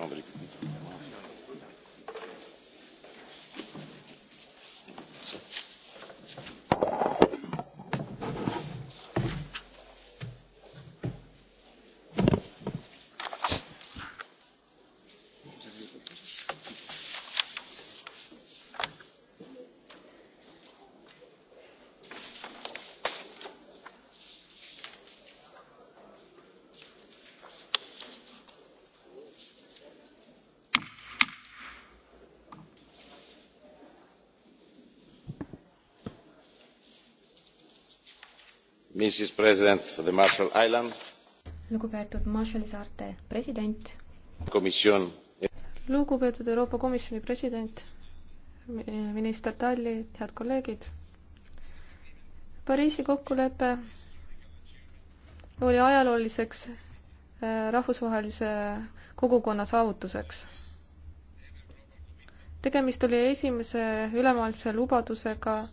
Andrik. lugupeetud Marshalli saarte president. lugupeetud Euroopa Komisjoni president, minister Talli, head kolleegid. Pariisi kokkulepe oli ajalooliseks äh, rahvusvahelise kogukonna saavutuseks. tegemist oli esimese ülemaailmse lubadusega